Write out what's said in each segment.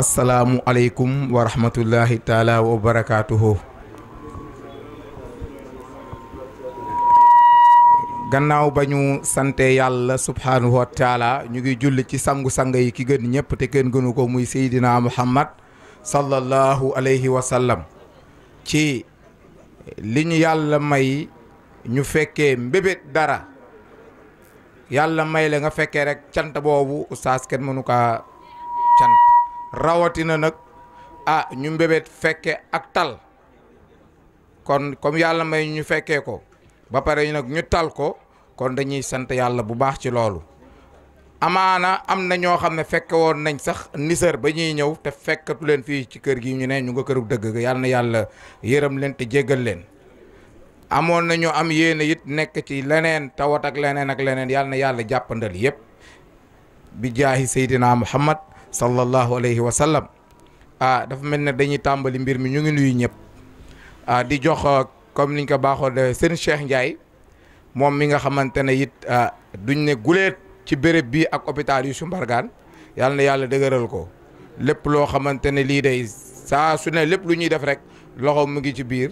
asalaamualeykum wa rahmatullahi taala wa barakaatuhu. gannaaw ba ñu sante yàlla subhaanahu wa ñu ngi julli ci sangu-sang yi ki gën ñëpp te kenn gënu ko muy Seydina Muhammad sallallahu alayhi wa ci li ñu yàlla may ñu fekkee mbébét dara yàlla may la nga fekkee rekk cant boobu oustaz kenn mënu kaa rawatina nag a ah, ñu mbébét fekke ak tal kon comme yàlla may ñu fekkee ko ba pare nag ñu tal ko kon dañuy sant yàlla bu baax ci loolu amaana am na ñoo xam ne fekke woon nañ sax nisër ba ñuy ñëw te fekkatu leen fii ci kër gi ñu ne ñu nga këru dëgg ga yàlla na yàlla yërëm leen te jéggal leen amoon na ñu am yéene it nekk ci leneen tawat ak leneen ak leneen yàlla na yàlla jàppandal yépp bi jaahi seydina muhammad sallallahu alayhi wa sallam ah dafa mel ne dañuy tàmbali mbir mi ñu ngi nuyu ñëpp ah di jox ah, comme niñ ko baaxoo de seen Cheikh Ndiaye moom mi nga xamante ne it ah, duñ ne guleet ci béréb bi ak hôpital Youssou Mbargane yàlla yàlla dëgëral ko lépp loo xamante ne lii day saa su ne lépp lu ñuy def rek loxo mu ngi ci biir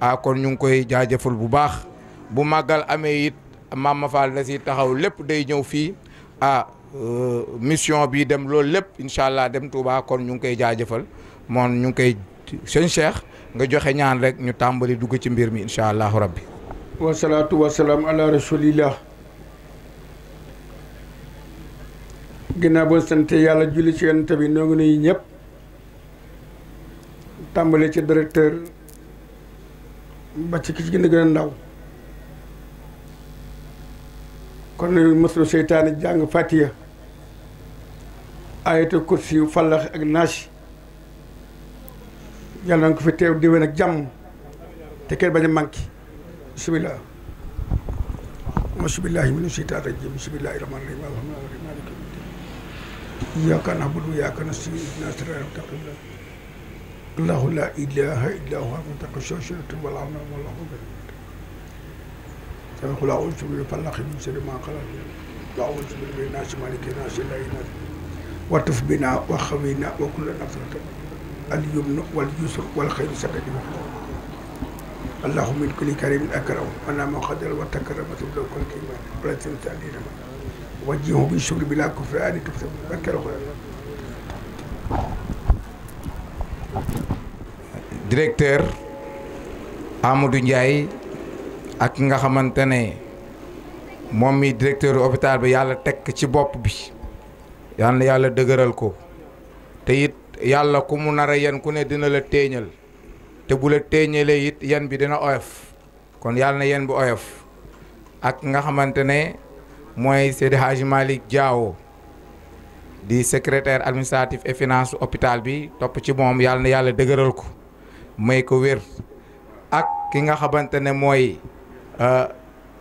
ah kon ñu ngi koy jaajëfal bu baax bu màggal amee it Mama Fall la si taxaw lépp day ñëw fii ah, Euh, mission bii dem loolu lépp incha allah dem Touba kon ñu ngi koy jaajëfal moom ñu ngi koy sëñ Cheikh nga joxe ñaan rek ñu tàmbali dugg ci mbir mi incha allahu rabbi wasalaatu wasalaam ala rasulillah ginnaaw ba sant yàlla julli ci yonent bi noo ngi nuyu ñëpp tàmbali ci directeur ba ci ki ci gën a gën a ndaw kon nañu mëslu seytaane jàng fatiya ayatul kursi yu fallax ak naasi yàlla na ko fi teew diwén ak jàmm te kenn bañ a manqué bisimilah bisimilahi mina seytaan rajim bisimilahi rahmaan rahim alhamdulilah maaliki yawmi din iyyaka na'budu wa iyyaka nasta'in ihdinas siraatal mustaqiim allahu laa ilaaha illaa huwa al-hayyul qayyuum كما يقول أعوذ بالفلق من شر ما قلق وأعوذ بالناس مالك الناس إلا إناس وتف بنا وخوينا وكل نفرة اليمن واليسر والخير سكت اللهم من كل كريم أكرم أنا ما قدر وتكرمت لو كان كيمان ولا تنسى علينا وجهه بالشكر بلا كفران تكتب بكر Directeur Amadou Ndiaye ak ki nga xamante ne moom mi directeur hôpital bi yàlla tekk ci bopp bi yal na yàlla dëgëral ko te it yàlla ku mu nar a yan ku ne dina la téeñal te bu la téeñalee it yan bi dina oyof kon yàlla na yan bi oyof ak nga xamante ne mooy Seydi Hadji Malick Diawo di secrétaire administratif et finance hôpital bi topp ci moom yàlla na yàlla dëgëral ko may ko wér ak ki nga xamante ne mooy Euh,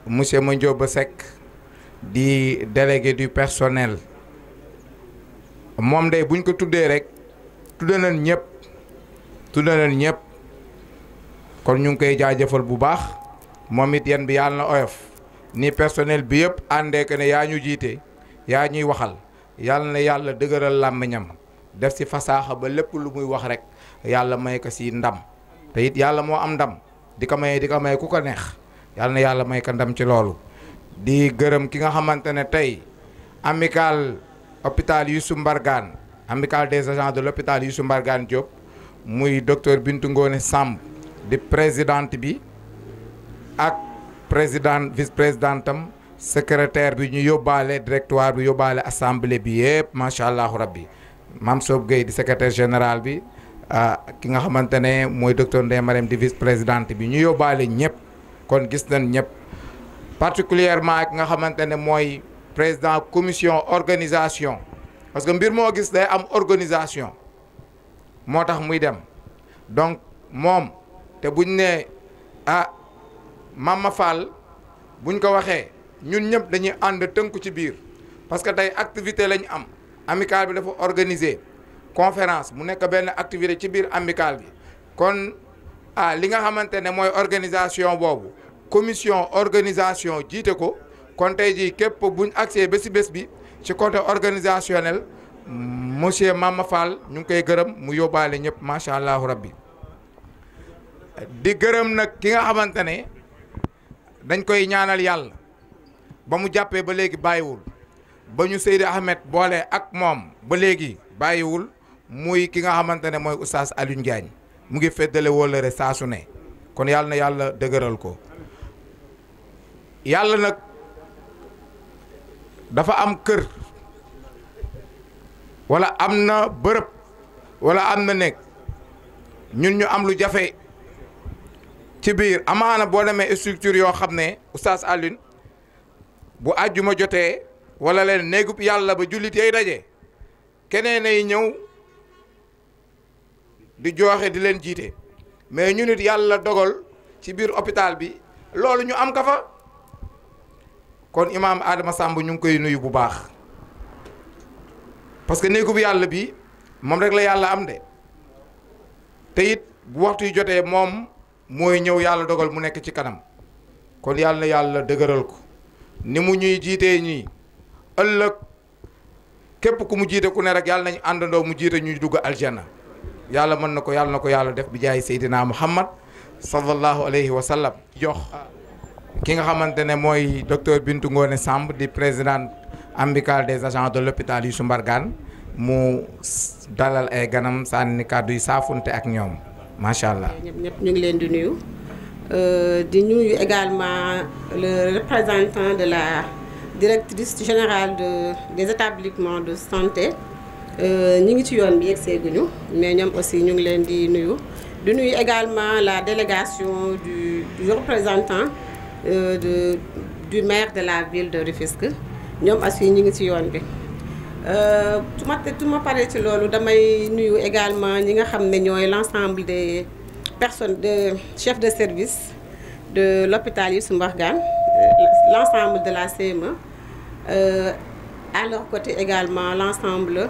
monsieur Mondio Bessek di délégué du personnel mom day buñ ko tuddee rek nyep. nañ ñëpp tudde nañ ñëpp kon ñu ngi koy jaajëfal bu baax moom it yan bi yàlla oyof ni personnel bi yëpp àndee que ne yaa ñu jiite yaa ñuy waxal yàlla na yàlla dëgëral làmmiñam def si fasaaxa ba lépp lu muy wax rek yàlla may ko si ndam te it yàlla mo am ndam di may di may ku ko neex yàlla na yàlla may ka ci loolu di gërëm ki nga xamante ne tey amical hôpital Youssou mbargaan amical des agents de l'hôpital Youssou Mbargane Diop muy docteur Bintou ngoone Samb di présidente bi ak président vice présidente am secrétaire bi ñu yóbbaale directoire bi yóbbaale assemblée bi yëpp macha allahu rabbi Mame Sob Gueye di secretaire général bi ah, ki nga xamante ne mooy docteur Ndeye Marème di vice présidente bi ñu yóbbaale ñëpp. kon gis nañ ñëpp particulièrement ak nga xamante ne mooy président commission organisation parce que mbir moo gis day am organisation moo tax muy dem donc moom te buñ nee ah Mama Fall buñ ko waxee ñun ñëpp dañuy ànd tënku ci biir parce que tey activité lañ am amicale bi dafa organiser conférence mu nekk benn activité ci biir amicale bi kon ah li nga xamante ne mooy organisation boobu commission organisation jiite ko kon tey jii képp buñ accès ba si bés bi ci côté organisationnel monsieur Mama Fall ñu ngi koy gërëm mu yóbbaale ñëpp macha allahu rabbi di gërëm nag ki nga xamante ne dañ koy ñaanal yàlla ba mu jàppee ba léegi bàyyiwul ba ñu Seydi Ahmed boole ak moom ba léegi bàyyiwul muy ki nga xamante ne mooy oustaz Alioune Diagne mu ngi feddale wóllëre saasu ne kon yàlla na yàlla dëgëral ko yàlla nag dafa am kër wala am na bërëb wala am na néeg ñun ñu am lu jafe ci biir amaana boo demee structure yoo xam ne u oustaz Alioune bu àjjuma jotee walla leen néegub yàlla ba jullit yay daje keneen ay ñëw. di jooxe di leen jiite mais ñu it yàlla dogal ci biir hôpital bi loolu ñu am ka fa kon imaam Adama Samb ñu ngi koy nuyu bu baax parce que néegu bu yàlla bi moom rek la yàlla am de te it bu waxtu yu jotee moom mooy ñëw yàlla dogal mu nekk ci kanam kon yàlla na yàlla dëgëral ko ni mu ñuy jiitee ñii ëllëg képp ku mu jiite ku ne rek yàlla nañu àndandoo mu jiite ñuy dugg aljana yalla mën nako yalla nako yalla def bi jaay Seydina Muhammad sallallahu alayhi wa sallam jox ah, ki nga xamantene moy docteur Bintou Ngone Samb di présidente amicale des agents de l'hôpital Youssou Mbargane mu dalal ay ganam sànni kàddu yi saafunte ak ñoom macha allah. ñep ñu ngi leen di nuyu euh, di nuyu également le représentant de la directrice générale de des établissements de santé. Nous euh, ngi ci yoon bi mais nous aussi nous ngi Nous di également la délégation du, représentant euh, de du maire de la ville de Rufisque Nous aussi nous ngi ci yoon bi. su euh, ma su ma parlé ci nous nuyu également ñi nga l'ensemble des personnes chefs de service de l'hôpital Youssou euh, l'ensemble de la CME euh, à leur côté également l'ensemble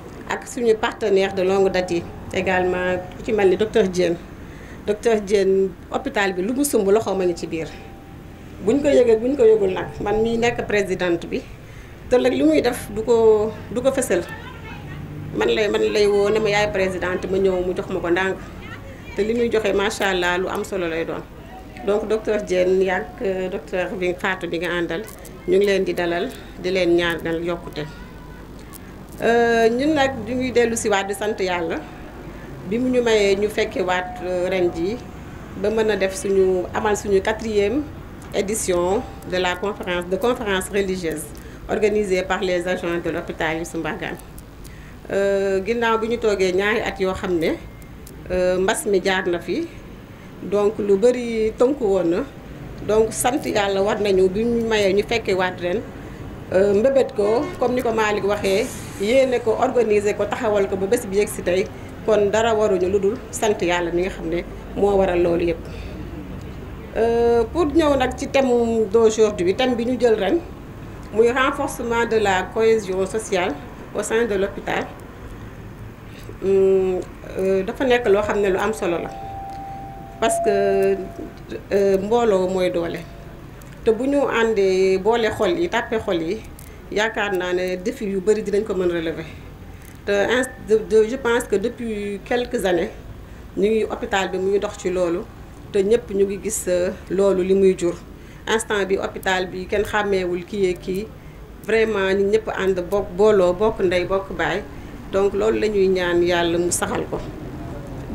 ak suñu partenaire de longue date yi également ku ci mel ni docteur Diène docteur Diène hôpital bi lu mu sumb loxo ma ngi ci biir buñ ko yëgee buñ ko yëgul nag man mii nekk présidente bi te nag li muy def du ko du ko fësal man lay man lay woo ne ma yaay présidente ma ñëw mu jox ma ko ndànk te li muy joxe macha allah lu am solo lay doon donc docteur Diène yàgg euh, docteur bi Fatou bi nga àndal ñu ngi leen di dalal di leen ñaanal yokkute Euh, ñun nak ñu ñuy dellu ci waat di sant yàlla bi mu ñu mayee ñu fekke waat euh, ren ji ba mën a def suñu amal suñu quatrième édition de la conférence de conférence religieuse organisée par les agents de l'hôpital Youssou Mbargane euh, ginnaaw bi ñu toogee ñaari at yoo xam ne mbas mi jaar na fi donc lu bëri tënku woon na donc sant yàlla war nañu bi ñu mayee ñu fekke waat ren euh, mbébét ko comme ni ko Malick waxee yéene ko organiser ko taxawal ko ba bés bi yegg tay kon dara waruñu lu dul sant yàlla mi nga xam mo waral waral loolu euh pour ñëw nak ci thème d'aujourd'hui thème bi ñu jël ren muy renforcement de la cohésion sociale au sein de l'hôpital hum, euh, dafa nekk loo xam ne lu am solo la parce que euh, mbooloo mooy doole te buñu andé àndee boole xol yi tapé xol yi yaakaar naa ne défi yu bëri dinañ ko mën relever te in je pense que depuis quelques années ñu ngi hôpital bi mu ngi dox ci loolu te ñëpp ñu ngi gis euh, loolu li muy jur instant bi hôpital bi kenn xàmmeewul kii yee kii vraiment ñu ñëpp ànd bokk booloo bokk ndey bokk baay donc loolu la ñuy ñaan yàlla mu saxal ko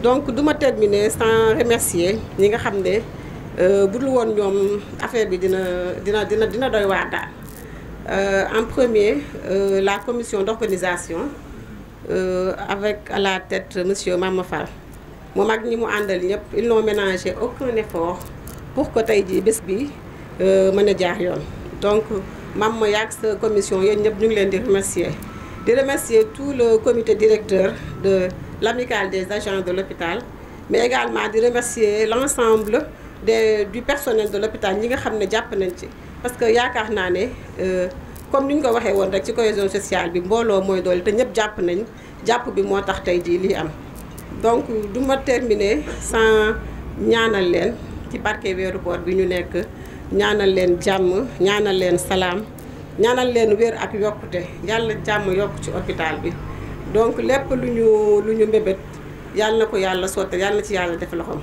donc duma terminer sans remercier ñi nga xam ne euh, bu dul woon ñoom affaire bi dina dina dina dina doy waar daal euh, en premier euh, la commission d'organisation euh, avec à la tête monsieur Mama Fall moom ak ñi mu andal ñep ils n'ont ménagé aucun effort pour que tay jii bés bi euh mëna jaar yoon donc mam yak sa commission yéen ñëpp ñu ngi leen di remercier de remercier tout le comité directeur de l'amicale des agents de l'hôpital mais également de remercier l'ensemble de du personnel de l'hôpital ñi nga xam ne jàpp nañ ci parce que yaakaar naa ne euh, comme ni ñu ko waxee woon rek ci cohésion sociale bi mbooloo mooy doole te ñëpp jàpp nañ jàpp bi moo tax tey jii lii am donc du ma terminer sans ñaanal leen ci barke weeru koor bi ñu nekk ñaanal leen jàmm ñaanal leen salaam ñaanal leen wér ak yokkute yàlla jàmm yokk ci hôpital bi donc lépp lu ñu lu ñu mbébét yàlla na ko yàlla sotte yàlla ci yàlla def loxoom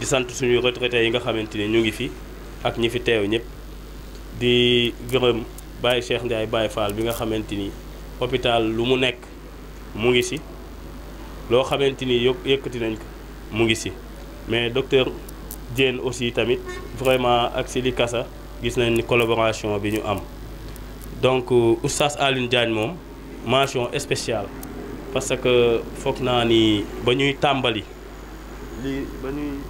di sant suñu retraités yi nga xamante ni ñu ngi fi ak ñi fi teew ñëpp di gërëm Baye Cheikh Ndiaye Baye Fall bi nga xamante ni hôpital lu mu nekk mu ngi si loo xamante ni yë yëkkati nañ ko mu ngi si mais docteur Diène aussi tamit vraiment ak Sili Kassa gis nañ ni collaboration bi ñu am donc euh, oustaz Alioune Diagne moom mention spéciale parce que foog naa ni ba ñuy tàmbali li ba ñuy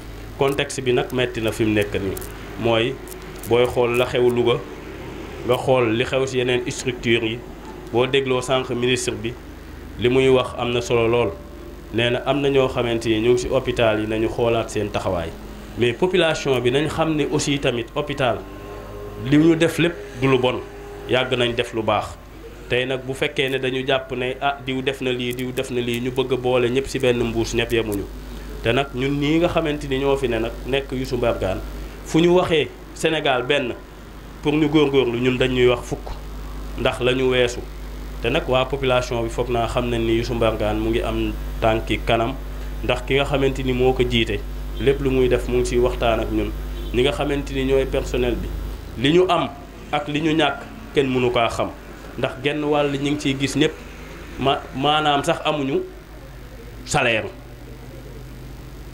contexte bi nag metti na fi mu nekk nii mooy booy xool la xew Louga nga xool li xew ci yeneen structure yi boo dégloo sànq ministre bi li muy wax am na solo lool nee na am na ñoo xamante ni ñëw ngi ci hôpital yi nañu xoolaat seen taxawaay mais population bi nañ xam ne aussi tamit hôpital li ñu def lépp du lu bon yàgg nañ def lu baax tey nag bu fekkee ne dañu jàpp ne ah diw def na lii diw def na lii ñu bëgg a boole ñëpp ci benn mbuus ñëpp yemuñu te nag ñun ñii nga xamante ni ñoo fi ne nag nekk Youssou mbargaan fu ñu waxee Sénégal benn pour ñu góor góorgóorlu ñun dañ ñuy wax fukk ndax lañu weesu te nag waa population bi foog naa xam na ni Youssou mbargaan mu ngi am tànki kanam ndax ki nga xamante ni moo ko jiite lépp lu muy def mu ngi ciy waxtaan ak ñun ñi nga xamante ni ñooy personnel bi li ñu am ak li ñu ñàkk kenn mënu kaa xam ndax genn wàll ñi ngi ciy gis ñëpp ma maanaam sax amuñu salaire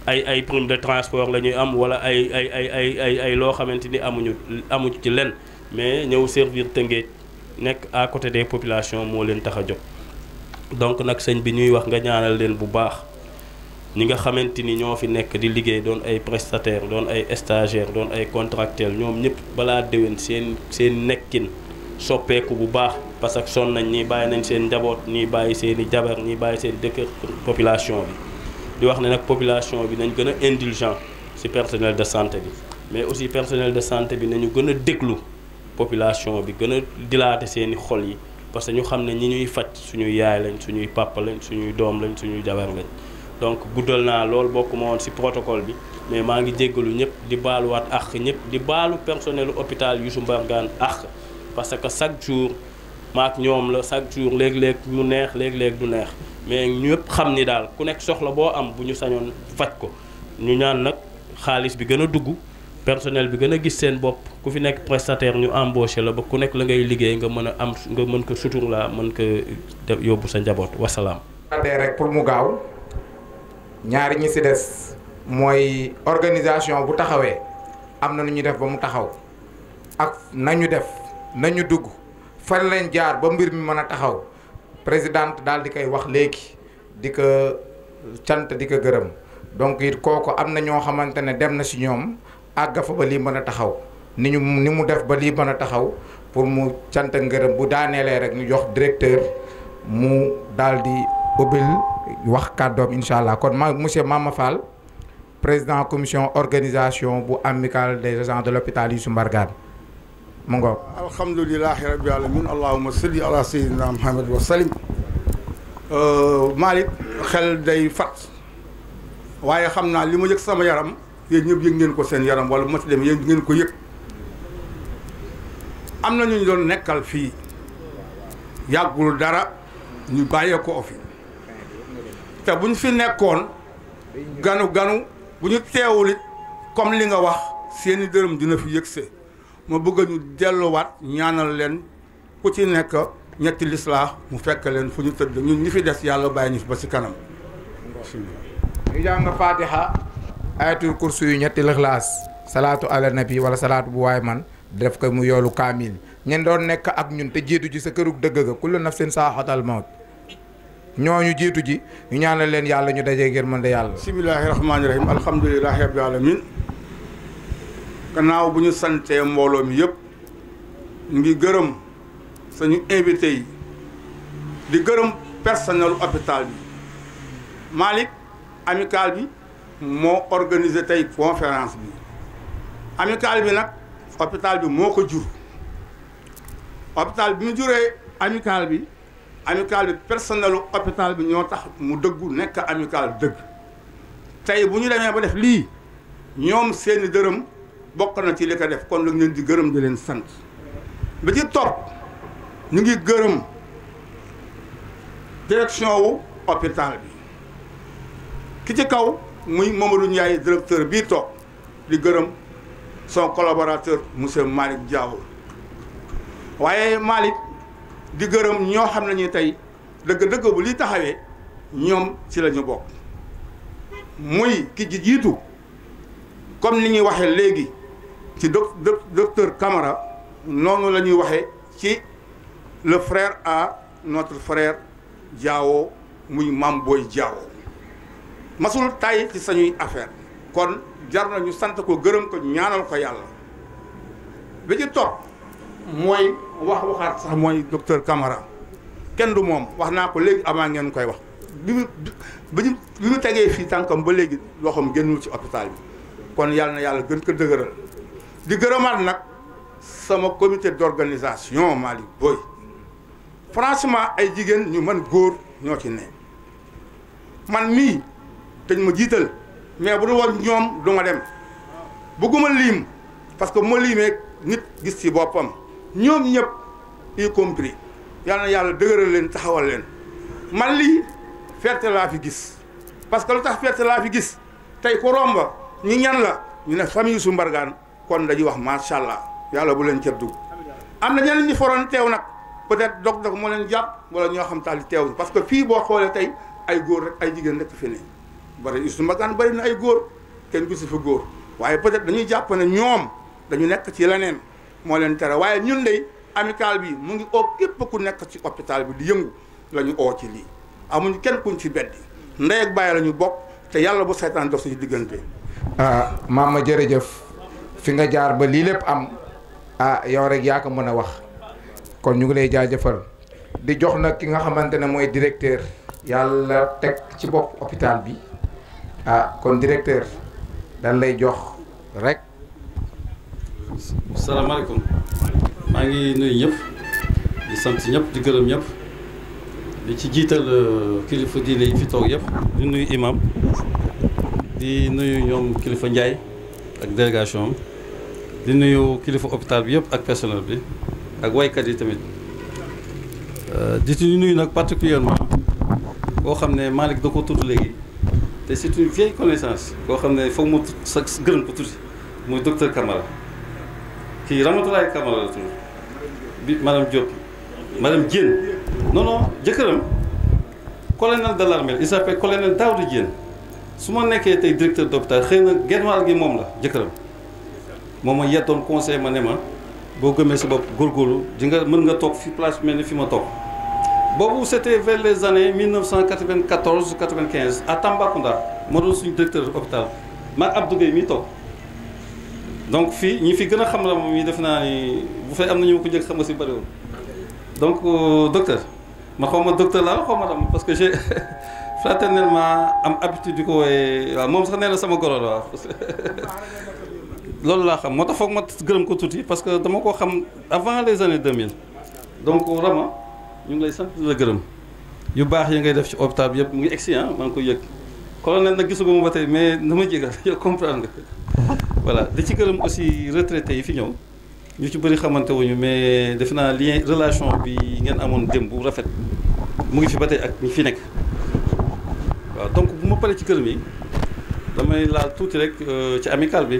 ay ay de transport la ñuy am mais servir à côté des populations qui sont tax donc nous sommes bi ñuy wax nga ñaanal sommes bu ni prestataires doon stagiaires doon contractuels de seen parce que nous population nous avons une population indulgente plus personnel de santé mais aussi personnel de santé est plus population qui est dilatée. parce que nous savons que ñi ñuy suñuy suñuy nous suñuy doom donc protocole mais je suis ñëpp parce que chaque jour maak ñoom la chaque jour lég lég mu neex lég lég du neex mais ñëpp xam ni daal ku nekk soxla boo am bu ñu sañoon faj ko ñu ñaan nag xaalis bi gën a dugg personnel bi gën a gis seen bopp ku fi nekk prestataire ñu embauché la ba ku nekk la ngay liggéey nga mën a am nga mën ko sutur la mën ko yóbbu sa njaboot wasalaam. adee rek pour mu gaaw ñaari ñi ci des mooy organisation bu taxawee am na nu ñu def ba mu taxaw ak nañu def nañu dugg. fan leen jaar ba mbir mi mën a taxaw présidente daal di koy wax léegi di ko cant di ko gërëm donc it kooku am na ñoo xamante ne dem na si ñoom àgg fa ba lii mën a taxaw ni ñu ni mu def ba lii mën a taxaw pour mu cant ak ngërëm bu daaneelee rek ñu jox directeur mu daal di ubbil wax kàddoom incha allah kon ma monsieur Mama Fall président commission organisation bu amicale des agents de l'hôpital su Mbargane mu ngoog alhamdulilahi rabbil alamin allahuma salli ala sayyidina muhammad wa salim Malick xel day fat waaye xam naa li ma yëg sama yaram yéen ñëpp yëg ngeen ko seen yaram wala bu ma si demee yéen ngeen ko yëg am na ñu doon nekkal fii yàggul dara ñu bàyyee ko ofi te bu ñu fi nekkoon ganu ganu bu ñu teewul it comme li nga wax seeni dërëm dina fi yëg see ma bëgg ñu delluwaat ñaanal leen ku ci nekk ñetti lislaax mu fekk leen fu ñu tëdd ñun ñi fi des yàlla bàyyi ñu fi ba si kanam ñu jàng faatiha ayatul kursu yu ñetti lixlaas salaatu ala nabi wala salaatu bu waay man def ko mu yoolu kaamil ñen doon nekk ak ñun te jiitu ji sa kërug dëgg ga kullu nafsin saaxatal mawt ñu jiitu ji ñu ñaanal leen yàlla ñu dajee ngir mën de yàlla bismillahi rahmaani rahim alhamdulillahi rabbil alamin gannaaw bu ñu santee mbooloo mi yëpp ngi gërëm suñu invité yi di gërëm personnel hôpital bi malik amical bi moo organisé tey conférence bi amical bi nag hôpital bi moo ko jur hôpital bi mu juree amical bi amical bi personnel hôpital bi ñoo tax mu dëggu nekk amical dëgg tey bu ñu demee ba def lii ñoom seeni dërëm bokk na ci li ko def kon lu ñun di gërëm di leen sant ba ci top ñu ngi gërëm direction wu hôpital bi ki ci kaw muy Mamadou ñay directeur bi top di gërëm son collaborateur monsieur malik Diaw waye malik di gërëm ño xam ne tay deug deug bu li taxawé ñom ci lañu bok muy ki jitu comme ni ñi ci doc docteur Camara noonu la ñuy waxee ci le frère a notre frère Diawo muy Mame Boye Diawo masul tàyyi ci sañuy affaire kon jar na ñu sant ko gërëm ko ñaanal ko yàlla bi ci topp mooy wax waxaat sax mooy docteur Camara kenn du moom wax naa ko léegi avant ngeen koy wax bi mu bi mu tegee fii tànkam ba léegi loxoom génnul ci hôpital bi kon yàlla na yàlla gën ko dëgëral di geureumal nak sama comité d'organisation Mali Boy franchement ay jigen ñu man goor ñoo ci ne man mi dañ ma jital mais bu do won ñom du ma dem bëgguma lim parce que mo limé nit gis ci bopam ñom ñep y compris yalla yalla yàlla len taxawal len man li fete la fi gis parce que lutax fete la fi gis tay ko romba ñi ñan la ñu ne famille su mbargane kon dañuy wax macha allah yàlla bu leen ceeb dugg am na ñeneen ñi foroon teew nag peut-être dog-dog moo leen jàpp wala ñoo xam tax li teew parce que fii boo xoolee tey ay góor rek ay jigéen rek fi ne bari su magane bari na ay góor kenn gisu fa góor waaye peut-être dañuy jàpp ne ñoom dañu nekk ci leneen moo leen tere waaye ñun de amical bi mu ngi oo képp ku nekk ci hôpital bi di yëngu la ñu oo ci lii amuñu kenn kuñ ci beddi ndey ak bàyyi la ñu bokk te yàlla bu saytaan dox suñu diggante. ah maama jërëjëf. fi nga jaar ba lii lépp am ah yow rek yaa ko mën a wax kon ñu ngi lay jaajëfal di jox nag ki nga xamante ne mooy directeur yàlla teg ci bopp hôpital bi ah kon directeur dañ lay jox rek. salaamaaleykum maa ngi nuyu ñëpp di sant ñëpp di gërëm ñëpp. di ci jiital euh, kilifa diine yi fi toog yëpp di nuyu imam di nuyu ñoom kilifa njaay ak délégation di nuyu kilifa hôpital bi yëpp ak personnel bi ak waykat yi tamit euh, di ti nuyu nag particulièrement koo xam ne Malick da ko tudd léegi te c'est une vieille connaissance koo xam ne foog mu sa gërëm ko tuuti muy docteur Camara kii Ramatoulaye Camara la tudd bi madame Diop madame Diène non non jëkkëram colonel de l'armée il s'appelle colonel Daouda Diène su ma nekkee tey directeur d'hôpital xëy na genn gi moom la jëkkëram moom ma yeddoon conseil manema ne ma boo gëmee sa bopp góorgóorlu nga mën fi place mel fi ma tok. boobu c'était vers les années 1994 95 à Tambacounda moo doon suñu directeur hôpital Ma Abdou Gueye mi tok donc fi ñi fi gëna a xam la moom yi def naa ni bu fay am nañu ko njëkk xam nga si bëriwul donc euh, docteur ma xaw ma docteur la xaw ma dam parce que j'ai fraternellement am habitude di ko wooyee waaw sax nee sama goro wa loolu laa xam moo tax foog ma gërëm ko tuuti parce que dama ko xam avant les années 2000 donc Rama ñu ngi lay sant la gërëm yu baax yi ngay def ci hôpital bi yëpp mu ngi egsi hein maa ngi koy yëg colonel nag gisu ma ba tey mais na ma jégal yow comprendre nga voilà di ci gërëm aussi retraité yi fi ñëw ñu ci bëri xamante wuñu mais def naa lien relation bi ngeen amoon dem bu rafet mu ngi fi ba tey ak ñi fi nekk waaw donc bu ma paree ci gërëm yi damay laal tuuti rek euh, ci amical bi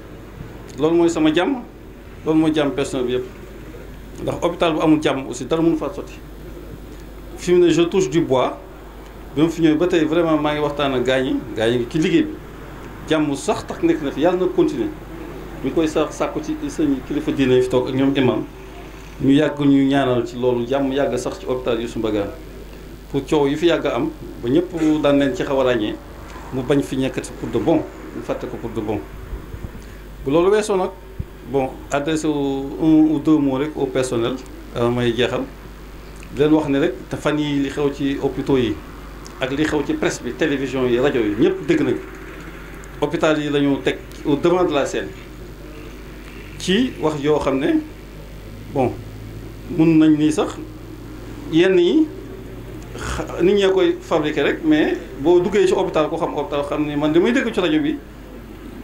loolu mooy sama jàmm loolu mooy jàmm personnel bi yëpp ndax hôpital bu amul jàmm aussi dara mënu faa sotti fi mu ne je touche du bois bi ma fi ñëwee ba tey vraiment maa ngi waxtaan ak gaañ yi gaañ yi ci liggéey bi jàmm sax tax nekk na fi yàlla na continuer ñu koy sax sàkku ci seen kilifa diine fi toog ak ñoom imam ñu yàgg ñu ñaanal ci loolu jàmm yàgg sax ci hôpital Youssou Mbargane pour coow yi fi yàgg am ba ñëpp daan leen ci xaw a ràññee mu bañ fi ñekkati pour de bon mu fàtte ko pour de bon bu loolu weesoo nag bon adressé wu un ou rek au personnel euh, may jeexal di wax ne rek te fan yi li xew ci hôpitaux yi ak li xew ci presse bi télévision yi rajo yi ñëpp dégg nañu hôpital yi la teg au devant la scène ci wax yoo xam ne bon mun nañ nii sax yenn yi xa nit ñee koy fabriqué rek mais boo duggee ci hôpital ko xam hôpital xam ni man li may dégg ci rajo bi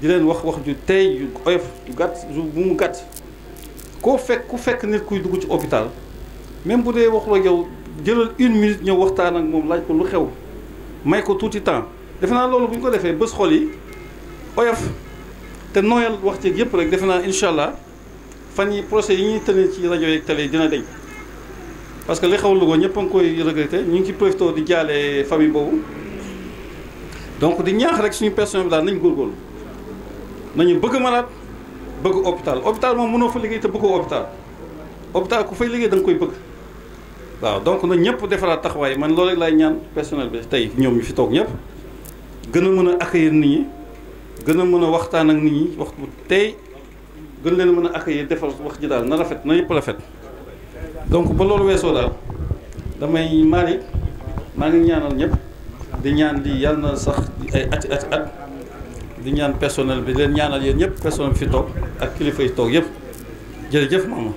dilen wax wax ju tay ju oyof ju gat ju bu mu gàtt ko fek ku fek nit kuy dugg ci hôpital même bu dee waxuloo yow jëlal une minute ñëw waxtaan ak moom laaj ko lu xew may ko tuuti temps defe naa loolu bu ko defee bés xol yi oyof te noyal wax ci yëpp rek defe naa incha allah fan yi procès yi ñuy tënee ci rajo yeeg télé dina deñ parce que li xew Louga ñëpp a ngi koy regretté ñu ngi ci profité di jaalee famille boobu donc di ñaax rek suñu personne bi daal nañ góorgóorlu nañu bëgg malade bëgg hôpital hôpital moom mënoo fa liggéey te bëggoo hôpital hôpital ku fay liggéey da koy bëgg waaw donc na ñëpp defaraat taxawaay man lool rek laay ñaan personnel bi tey ñoom ñu fi toog ñëpp gën a mën a accueillir nit ñi gën a mën a waxtaan ak nit ñi waxtu tey gën leen mën a accueillir defar wax ji daal na rafet na yëpp rafet donc ba loolu weesoo daal damay maari maa ngi ñaanal ñëpp di ñaan di yàlla na sax ay ati at di ñaan personnel bi leen ñaanal yéen ñëpp personnel bi fi toog ak kilifay yi toog yëpp jëf maama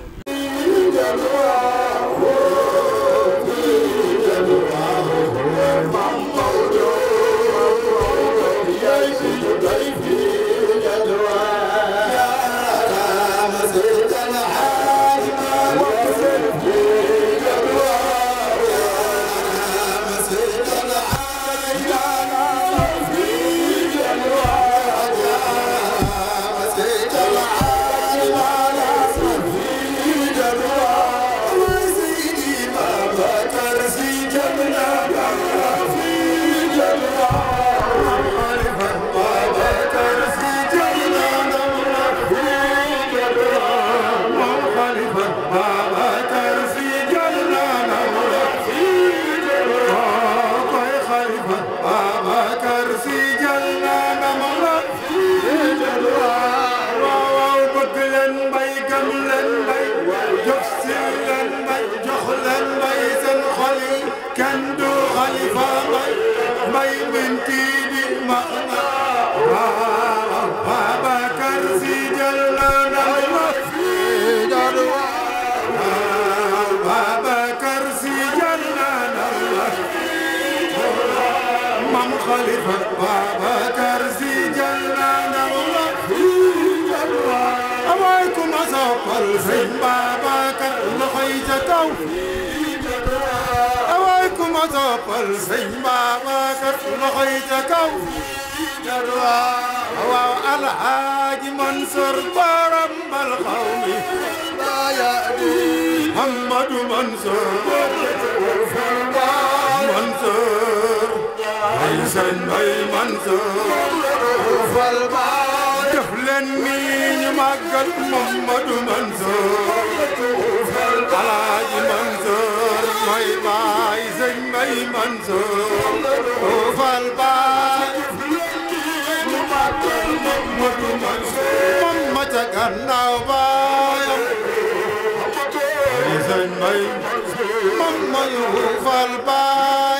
خليفة بابا كرسي جلنا نولا أمايكم أصاب الفين بابا كرلحيجة في أمايكم أصاب الفين بابا كرلحيجة في هو الحاج منصور برم القوم لا يأبي محمد منصور منصور sëñ Bay Mansour fal ba def leen nii ñu màggal Mamadu Mansour Alaaji Mansour mooy baay sëñ Bay Mansour fal ba def leen nii ñu màggal Mamadu Mansour moom ma ca gannaaw baayam sëñ Bay moom mooy fal baay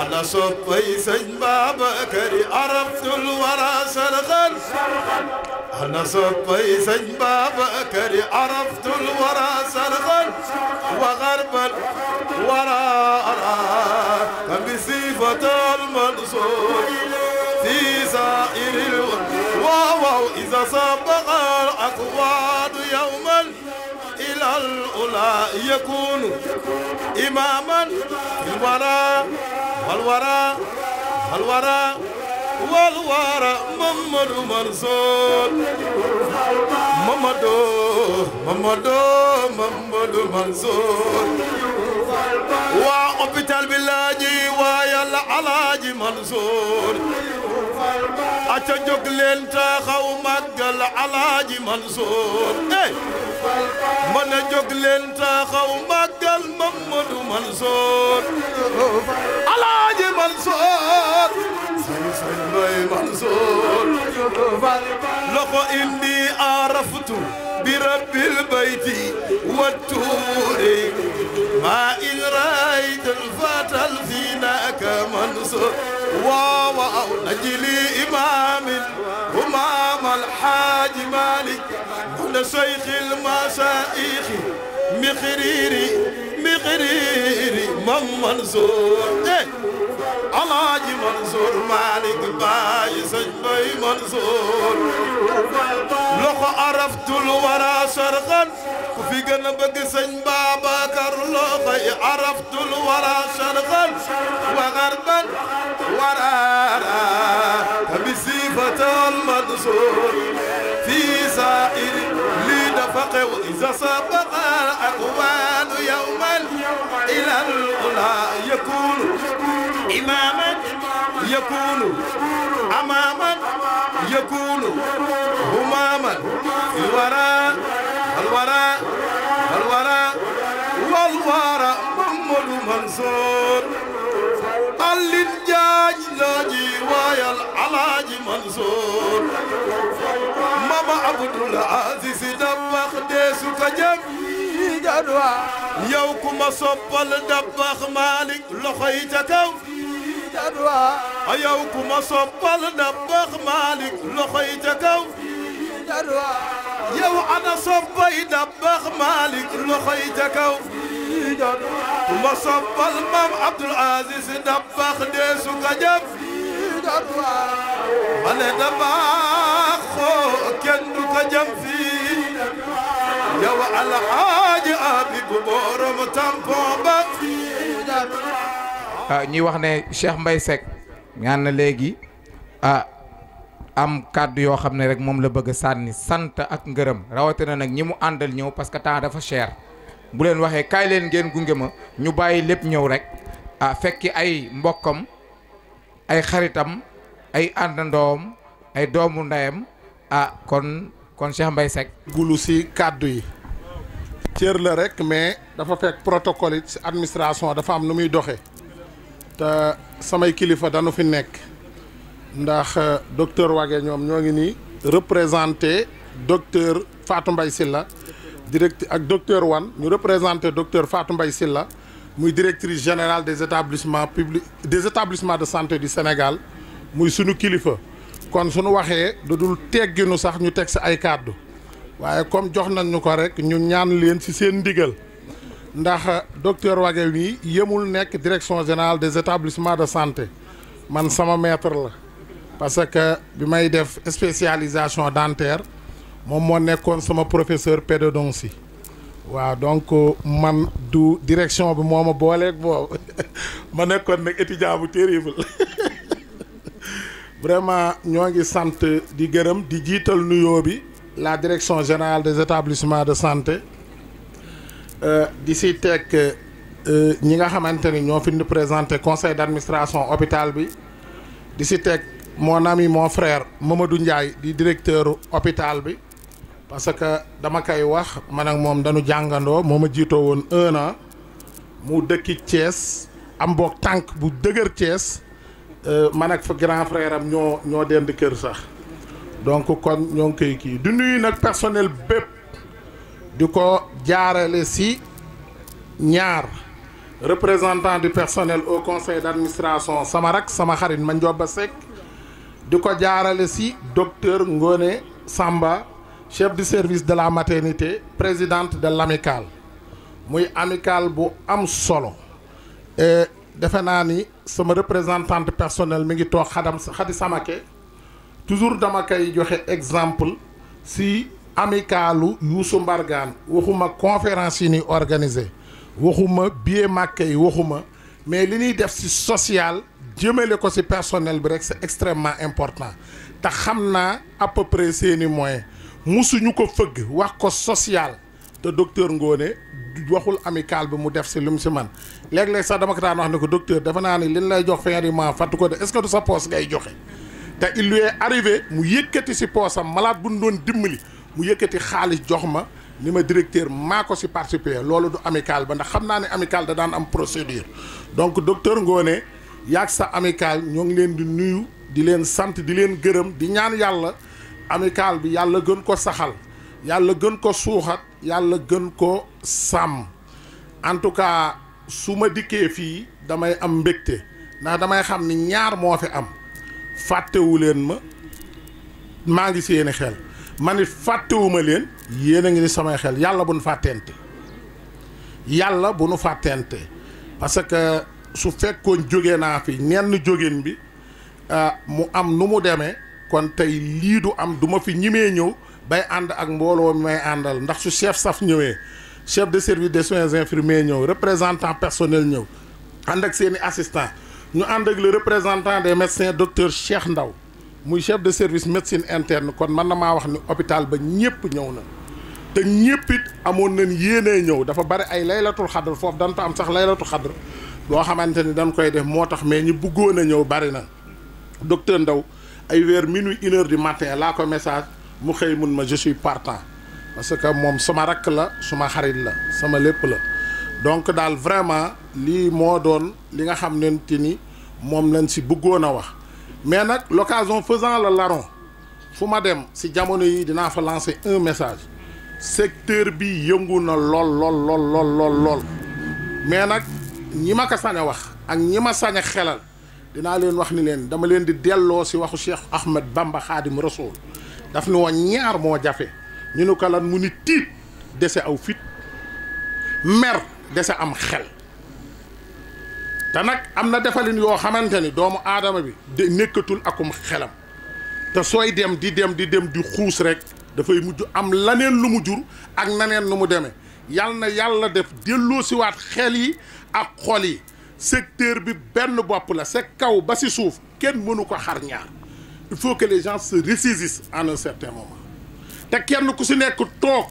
أنا صبي سجن بابكري عرفت الورى سرغل أنا صبي سجن بابكري عرفت الورى سرغل وغربا ورا أرى كم بصفة المنصور في سائر الوطن واو إذا صبغ الأقواد يوما إلى الأولى يكون إماما في الورى الورى الورى والورى محمد منصور محمد محمد محمد منصور waa hôpital bi laaji waa yàlla alaaji Mansour aca jóg leen taxaw màggal alaaji Mansour ey ma ne jóg leen taxaw màggal Mamadou Mansour alaaji Mansour sëy Mansour loxo inni araftu bi rabbil bayti wa tuuri ما إن رأيت الفتى فيناك منصور واو نجلي إمام همام الحاج مالك كل شيخ المشايخ مخريري xiriiri moom Mansour eh Alaaji Mansour Malick Baye sëñ bay Mansour loxo araftul wara sarxan ku fi gën a bëgg sëñ Babacar loxo yi araftul wara sarxan wa garban waraara bi sifatal Mansour fii saa'iri فقه وإذا سبق الأقوال يوما إلى الأولى يكون إماما يكون أماما يكون هماما الوراء الوراء الوراء والوراء محمد منصور Mansour Mama Abdoul Aziz Dabakh deesu ko jëm jadwa yow ku ma soppal Dabakh Malick loxo yi ca kaw jadwa yow ku ma soppal Dabakh Malick loxo yi ca kaw jadwa yow ana soppay Dabakh Malick loxo yi ca kaw jadwa ku ma Ah, ñi wax né Cheikh mbay sek ñaan na léegi ah am kàddu yo xamné rek mom la bëgg sanni sante ak ngeureum rawati na nak ñimu andal ñew parce que temps dafa cher bu len waxé kay len gën gungema ñu bayyi lepp ñew rek ah fekki ay mbokkam ay xaritam ay àndandoom ay doomu ndeyam ah kon kon Cheikh Mbaye Seck gulu si kàddu yi cër la rek mais dafa fekk protocole yi ci administration dafa am nu muy doxe te samay kilifa dañu fi nekk ndax euh, docteur wage ñoom ñoo ngi nii représenté faatu mbay Mbaye la direct ak docteur wan ñu représenté faatu mbay Mbaye la muy directrice générale des établissements publics des établissements de santé du Sénégal muy sunu kilifa kon sunu waxee da dul tegginu sax ñu teg si ay comme jox nañ correct, nous rek ñu ñaan leen si seen ndigal ndax docteur Wagué wi yemul nekk direction générale des établissements de santé man sama maître la parce que bi may def spécialisation dentaire moom moo nekkoon sama professeur pédodontie wa donc euh, man du direction bi moo ma booleeg boobu ma nekkoon nag étudiant terrible vraiment ñoo ngi sant di gërëm di la direction générale des établissements de santé euh, d'ici si teg euh, ñi nga xamante ni ñoo conseil d'administration hôpital bi di si mon ami mon frère Mamadou Ndiaye di directeur hôpital bi parce que dama koy wax man ak moom dañu jàngandoo moo ma jiitoo woon un mu dëkki Thiès am boog tànk bu dëgër Thiès euh, man ak fa grand frère am ñoo ñoo dend kër sax donc kon ñoo ngi koy kii du nuyu nag personnel bépp di ko jaarale si ñaar représentant du personnel au conseil d'administration sama rak sama xarit ma Njoba Seck di ko jaarale si docteur ngoone sàmba chef du service de la maternité présidente de l'amicale muy amicale bu am solo de naa ce me représentante personnel, mi ngi toog xadam xadi samake toujours dama koy joxe exemple si ou Youssou Mbargane waxuma conférence avons ni organisé waxuma billet màkk yi waxuma mais li ñuy def si social jëmale ko personnel c'est extrêmement important Ta sais à peu près ni moins musuñu ko fëgg wax ko social te docteur Ngone waxul amical bi mu def si lu mu si man léeg-léeg sax dama ko daan wax ne ko docteur dafa naa ni liñ lay jox fin du de est-ce que du sa poos ngay joxe te il lui est arrivé mu yëkkati si poosam malade bu ñu doon dimbali mu yëkkati xaalis jox ma ni ma directeur maa ko si participer loolu du amical ba ndax xam naa amical da daan am procédure donc docteur Ngone yaag sa amical ñoo ngi leen di nuyu di leen sant di leen gërëm di ñaan yàlla amical bi yàlla gën ko saxal yàlla gën ko suuxat yàlla gën ko sàmm en tout cas su ma dikkee fii damay am mbégte ndax damay xam ni ñaar moo fi am fàttewu leen ma maa ngi si yéeni xel ma it fàttewuma leen yéen a ngi ni samay xel yàlla bu nu fàttente yàlla bu fàttente parce que su fekkoon jóge naa fi ñenn jógin bi ah, mu am nu mu demee kon tey lii du am du ma fi ñimee ñëw bay ànd ak mbooloo may àndal ndax su chef saf ñëwee chef de service des soins infirmiers ñëw représentant personnel ñëw ànd ak seen assistant ñu ànd ak le représentant des médecins docteur Cheikh Ndaw muy chef de service médecine interne kon man na maa wax ni hôpital ba ñëpp ñëw na te ñëpp it amoon nañ yéenee ñëw dafa bari ay laylatul xadr foofu dant am sax laylatul xadr loo xamante ni dañ koy def moo tax mais ñi bëggoon a ñëw bari na docteur Ndaw ay vers minuit une heure du matin là comme message que je suis partant parce que mon sama là, la suis xarit la donc vraiment ce que li nga que je lañ je mais l'occasion faisant le larron si je yi lancer un message secteur bi lol lol lol lol mais sañ dina len wax ni len dama len di delo ci waxu Cheikh Ahmed Bamba khadim Rasoul daf ni won ñaar mo jafe ñu ko lan mu ni tiit dessé aw fit mer dessé am xel ta nak amna defalin yo xamanteni doomu adama bi nekatul akum xelam ta soy dem di dem di dem di xous rek da fay muju am lanen lu mu jur ak nanen lu mu demé yalna yàlla def delo ci wat xel yi ak xol yi secteur bi ben bopp la c'est kaw ba si suuf kenn mënu ko xar ñaar il faut que les gens se ressaisissent en un certain moment té kenn ku ci nek tok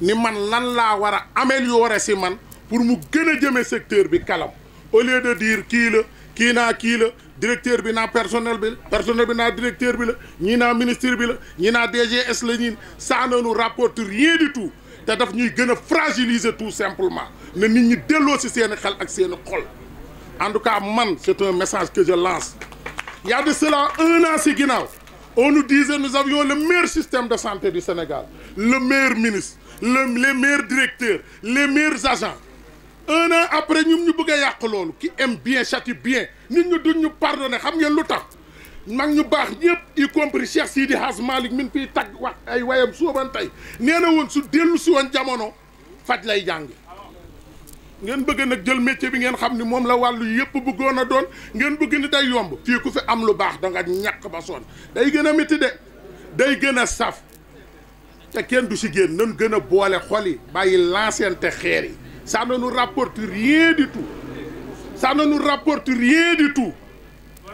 ni man lan laa war a améliorer ci man pour mu gën a secteur bi kalam au lieu de dire ki le ki na ki le directeur bi na personnel bi personnel bi na directeur bi le ñii naa ministre bi le ñii naa DGS la ñiin ça ne nous rapporte rien du tout té daf ñuy gën fragiliser tout simplement né nit ñi délo ci seen xel ak seen xol en tout cas, man, c'est un message que je lance. Il y a de cela un an, c'est On nous disait nous avions le meilleur système de santé du Sénégal, le meilleur ministre, le, les meilleurs directeurs, les meilleurs agents. Un an après, nous nous voulons qui aime bien, châtie bien. Nous nous nous pardonner. Nous savons mag ñu baax ñëpp y compris Cheikh Sidi Hadj Malick min fiy tagg wax ay wayam avons tey nee woon su nous avons woon jamono fat lay jàng ngeen bëgg nag jël métier bi ngeen xam ni moom la wàllu yëpp bëggoon a doon ngeen bëgg ni day yomb fii ku fi am lu baax danga ñàkk ba sonn day gën a métti de day gën a saf te kenn du si génn nan gën a boole xol yi bàyyi lancente xeer yi ça ne nous rapporte rien du tout ça ne nous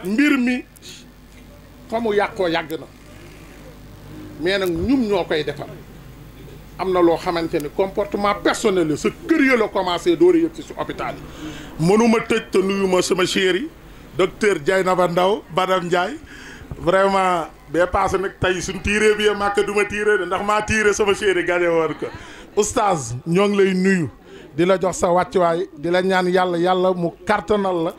mbir mi fa mu yàqoo yàgg na mais nag ñum ñoo koy defar am na loo xamante ni comportement personnel la sa kër ya la commencé door a ci su hôpital yi mënuma tëj te nuyu ma sama chéri na ba ndaw Badam Ndiaye vraiment bee passé nag tey suñ tiiree bi màkk du ma tiiree de ndax maa tiiree sama chéri gañe woon ko oustaz ñoo ngi lay nuyu di la jox sa wàccuwaay di la ñaan yàlla yàlla mu kartanal la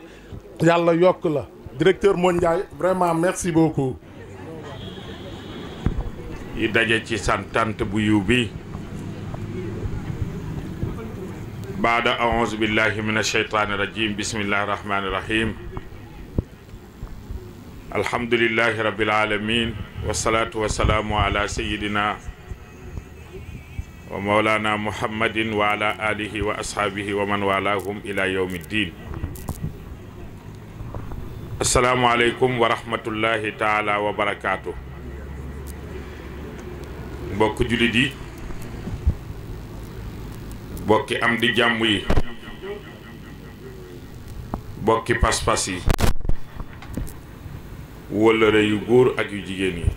yàlla yokk la directeur Modou Ndiaye vraiment merci beaucoup yi daje ci santant bu yiw bi بعد أعوذ بالله من الشيطان الرجيم بسم الله الرحمن الرحيم الحمد لله رب العالمين والصلاة والسلام على سيدنا ومولانا محمد وعلى آله وأصحابه ومن والاهم إلى يوم الدين السلام عليكم ورحمة الله تعالى وبركاته mbokk jullit bokki am di jàmm yi bokki pas-pas yi wëllëre yu góor ak yu jigéen yi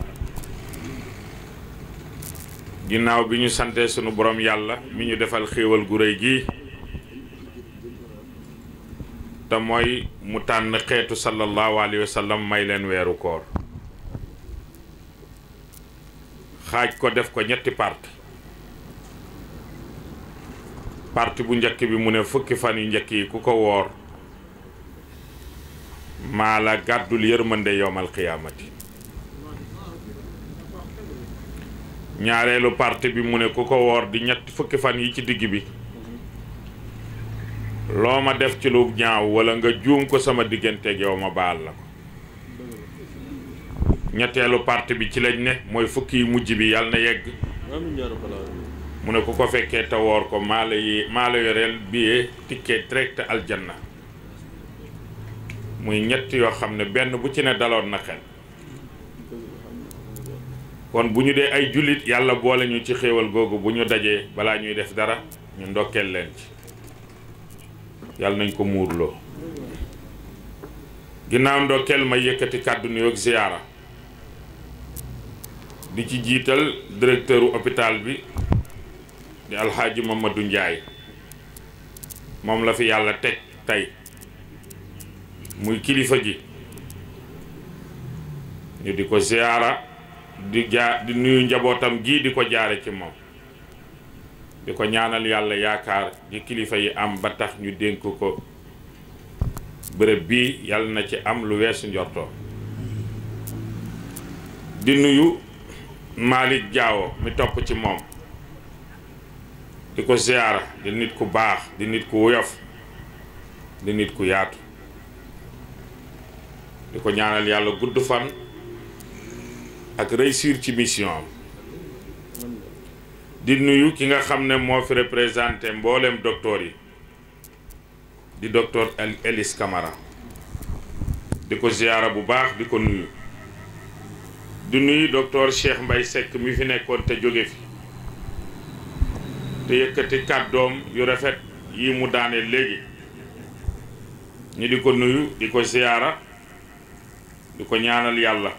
ginnaaw bi ñu santee sunu borom yàlla mi ñu defal xéewal gu réy gi te mooy mu tànn xeetu sallallahu alayhi wa sallam may leen weeru koor xaaj ko def ko ñetti parti parti bu njëkk bi mu ne fukki fan yu njëkk yi ku ko woor maa la gàddul yërmande yowmal xiyaamati ñaareelu parti bi mu ne ku ko woor di ñett fukki fan yi ci digg bi loo ma def ci lu ñaaw walla nga juum ko sama diggante yow ma baal la ko ñetteelu parti bi ci lañ ne mooy fukki yu mujj bi yàlla na yegg mu ne ku ko fekkee te woor ko maa la yi maa la yoreel billet ticket direct aljanna muy ñett yoo xam ne benn bu ci ne daloon na xel kon bu ñu dee ay julit yàlla boole ñu ci xéewal googu bu ñu dajee balaa ñuy def dara ñu ndokkeel leen ci yàlla nañ ko muurloo ginnaaw ndokkeel may yëkkati kàddu di ci jiital directeur hôpital bi di alxaaji Mamadou Ndiaye moom la fi yàlla teg tey muy kilifa gi ñu di ko ziyaara di jaa di nuyu njabootam gii di ko jaare ci moom di ko ñaanal yàlla yaakaar di kilifa yi am ba tax ñu dénk ko bërëb bii yàlla na ci am lu weesu njortoo di nuyu Malick Diawo mi topp ci moom di ko ziyaara di nit ku baax di nit ku woyof di nit ku yaatu di ko ñaanal yàlla gudd fan ak réussir ci mission am di nuyu ki nga xam ne moo fi représenté mbooleem doktoor yi di docteur Elis Camara di ko ziyaara bu baax di ko nuyu di nuyu docteur Cheikh mbay Seck mi fi nekkoon te jóge fi te yëkkati kàddoom yu rafet yi mu daane léegi ñu di ko nuyu di ko ziyaara di ko ñaanal yàlla